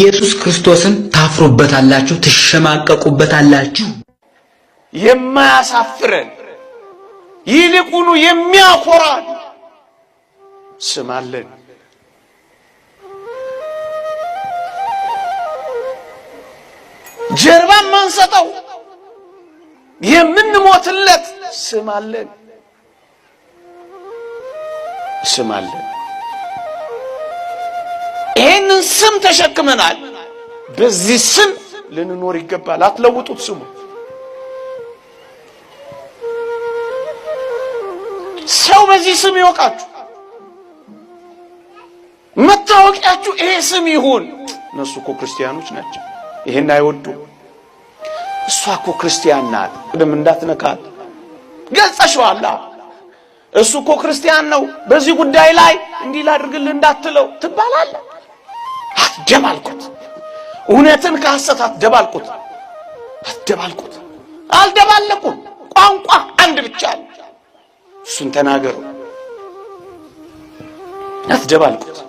ኢየሱስ ክርስቶስን ታፍሩበታላችሁ፣ ትሸማቀቁበታላችሁ። የማያሳፍረን ይልቁኑ የሚያኮራን ስማለን። ጀርባ ማንሰጠው የምንሞትለት ስማለን ስማለን ይሄን ይህን ስም ተሸክመናል። በዚህ ስም ልንኖር ይገባል። አትለውጡት ስሙ። ሰው በዚህ ስም ይወቃችሁ። መታወቂያችሁ ይሄ ስም ይሁን። እነሱ እኮ ክርስቲያኖች ናቸው፣ ይሄን አይወዱ። እሷ እኮ ክርስቲያን ናት፣ ቅድም እንዳትነካት ገልጸሽዋላ። እሱ እኮ ክርስቲያን ነው፣ በዚህ ጉዳይ ላይ እንዲህ ላድርግልህ እንዳትለው ትባላለህ። አትደባልቁት። እውነትን ከሐሰት አትደባልቁት፣ አትደባልቁት። አልደባለቁም። ቋንቋ አንድ ብቻ ነው። እሱን ተናገሩ፣ አትደባልቁት።